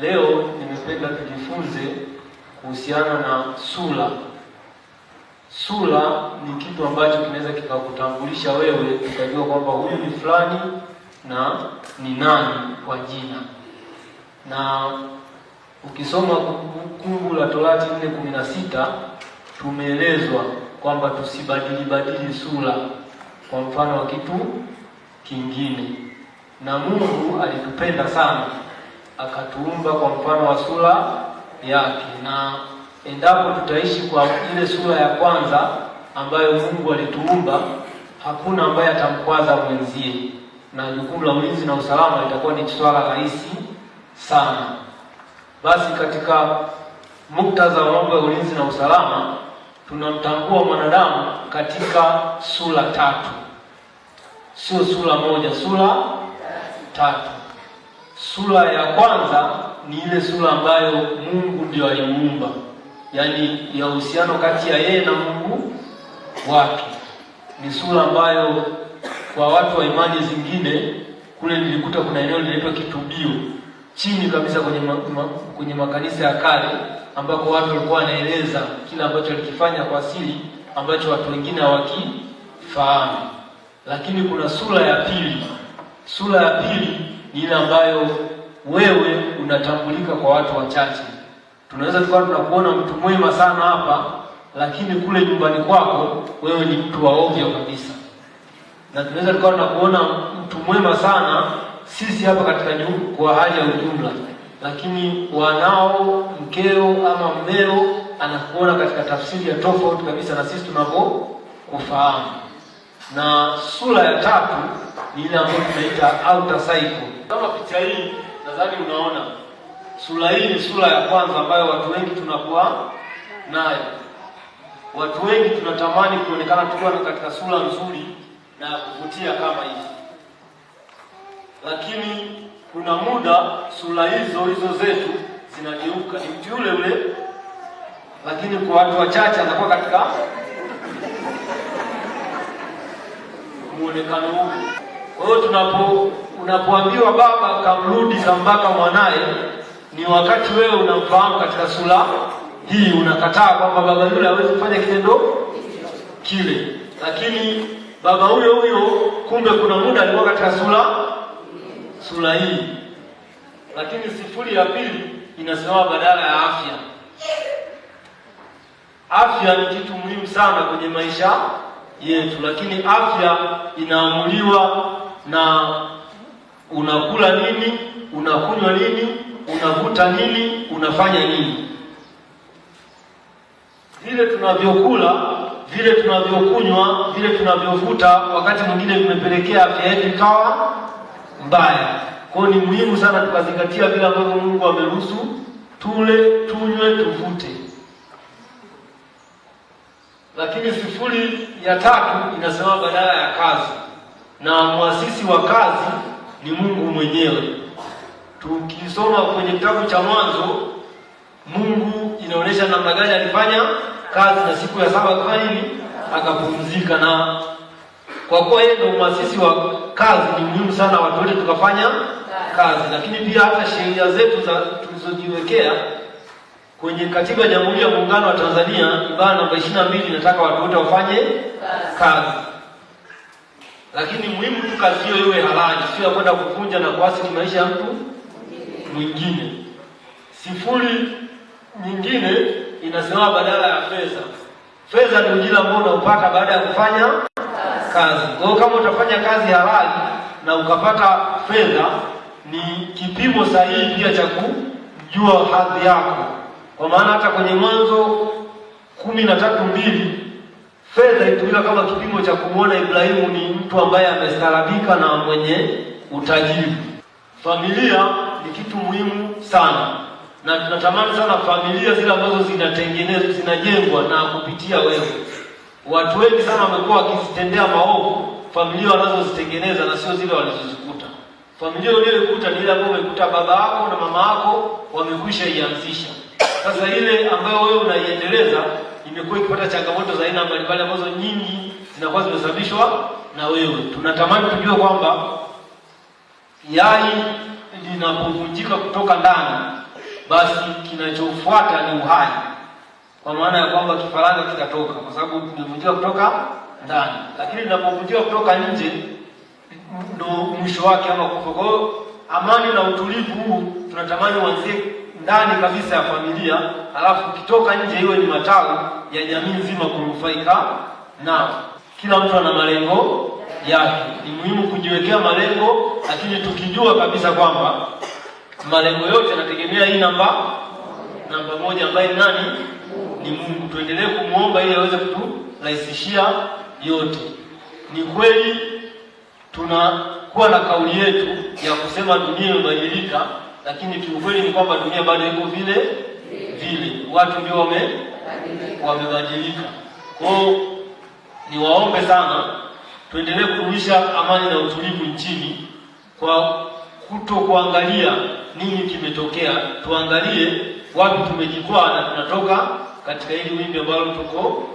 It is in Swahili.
Leo nimependa tujifunze kuhusiana na sura. Sura ni kitu ambacho kinaweza kikakutambulisha wewe, ukajua kwamba huyu ni fulani na ni nani kwa jina. Na ukisoma Kumbukumbu la Torati 4:16 tumeelezwa kwamba tusibadili badili sura kwa mfano wa kitu kingine, na Mungu alitupenda sana akatuumba kwa mfano wa sura yake, na endapo tutaishi kwa ile sura ya kwanza ambayo Mungu alituumba, hakuna ambaye atamkwaza mwenzie, na jukumu la ulinzi na usalama litakuwa ni swala rahisi sana. Basi katika muktadha wa mambo ya ulinzi na usalama tunamtambua mwanadamu katika sura tatu, sio sura moja, sura tatu. Sura ya kwanza ni ile sura ambayo Mungu ndio alimuumba, yaani ya uhusiano kati ya yeye na Mungu wake. Ni sura ambayo kwa watu wa imani zingine kule nilikuta kuna eneo linaitwa kitubio, chini kabisa kwenye ma, ma, kwenye makanisa ya kale, ambako watu walikuwa wanaeleza kila ambacho alikifanya kwa asili ambacho watu wengine hawakifahamu. Lakini kuna sura ya pili, sura ya pili ile ambayo wewe unatambulika kwa watu wachache. Tunaweza tukawa tunakuona mtu mwema sana hapa, lakini kule nyumbani kwako wewe ni mtu wa ovyo kabisa, na tunaweza tukawa tunakuona mtu mwema sana sisi hapa katika nyumba kwa hali ya ujumla, lakini wanao mkeo ama mmeo anakuona katika tafsiri ya tofauti kabisa na sisi tunavyokufahamu na sura ya tatu ni ile ambayo tunaita outer cycle. Kama picha hii nadhani unaona, sura hii ni sura ya kwanza ambayo watu wengi tunakuwa nayo. Watu wengi tunatamani kuonekana tukiwa katika sura nzuri na kuvutia kama hizi, lakini kuna muda sura hizo hizo zetu zinageuka, ni mtu yule yule, lakini kwa watu wachache anakuwa katika muonekano huu. Kwa hiyo tunapo unapoambiwa baba kamrudi kambaka mwanaye, ni wakati wewe unamfahamu katika sura hii, unakataa kwamba baba yule hawezi kufanya kitendo kile, lakini baba huyo huyo kumbe kuna muda alikuwa katika sura sura hii. Lakini sifuri ya pili inasimama badala ya afya. Afya ni kitu muhimu sana kwenye maisha yetu, lakini afya inaamuliwa na unakula nini, unakunywa nini, unavuta nini, unafanya nini. Vile tunavyokula, vile tunavyokunywa, vile tunavyovuta, wakati mwingine vimepelekea afya yetu ikawa mbaya. Kwa ni muhimu sana tukazingatia vile ambavyo Mungu ameruhusu tule, tunywe, tuvute. Lakini sifuri ya tatu inasema badala ya kazi, na mwasisi wa kazi ni Mungu mwenyewe. Tukisoma kwenye kitabu cha Mwanzo, Mungu inaonyesha namna gani alifanya kazi na siku ya saba kwa nini akapumzika. Na kwa kuwa yeye ndio mwasisi wa kazi, ni muhimu sana watu wote tukafanya kazi, lakini pia hata sheria zetu za tulizojiwekea kwenye katiba ya Jamhuri ya Muungano wa Tanzania ibara namba 22 inataka watu wote wafanye kazi, lakini muhimu tu kazi hiyo iwe halali, sio ya kwenda kuvunja na kuathiri maisha ya mtu mwingine. Sifuri nyingine inasema badala ya fedha. Fedha ni ujira ambao unaupata baada ya kufanya kazi. Kwa hiyo kama utafanya kazi halali na ukapata fedha, ni kipimo sahihi pia cha kujua hadhi yako, kwa maana hata kwenye Mwanzo kumi na tatu mbili Fedha itumika kama kipimo cha kumwona Ibrahimu ni mtu ambaye amestarabika na mwenye utajiri. Familia ni kitu muhimu sana, na tunatamani sana familia zile ambazo zinatengenezwa zinajengwa na kupitia wewe. Watu wengi sana wamekuwa wakizitendea maovu familia wanazozitengeneza na sio zile walizozikuta. Familia uliyoikuta ni ile ambayo umekuta baba yako na mama yako wamekwisha ianzisha. Sasa ile ambayo wewe unaiendeleza imekuwa ikipata changamoto za aina mbalimbali ambazo nyingi zinakuwa zimesababishwa na wewe. Tunatamani tujue kwamba yai linapovunjika kutoka ndani, basi kinachofuata ni uhai, kwa maana ya kwamba kifaranga kitatoka, kwa sababu kimevunjika kutoka ndani, lakini linapovunjika kutoka nje ndo mwisho wake ama kufa. Kwa hiyo amani na utulivu huu tunatamani uanzie ndani kabisa ya familia, halafu ukitoka nje iwe ni matawi ya jamii nzima kunufaika nao. Kila mtu ana malengo yake. Ni muhimu kujiwekea malengo, lakini tukijua kabisa kwamba malengo yote yanategemea hii namba namba moja ambaye ni nani? Ni Mungu. Tuendelee kumwomba ili aweze kuturahisishia yote. Ni kweli tunakuwa na kauli yetu ya kusema dunia imebadilika, lakini kiukweli ni kwamba dunia bado iko vile vile, watu ndio wame wamebadilika. Kwao niwaombe sana, tuendelee kudumisha amani na utulivu nchini kwa kuto kuangalia nini kimetokea, tuangalie wapi tumejikwaa na tunatoka katika hili wimbi ambalo tuko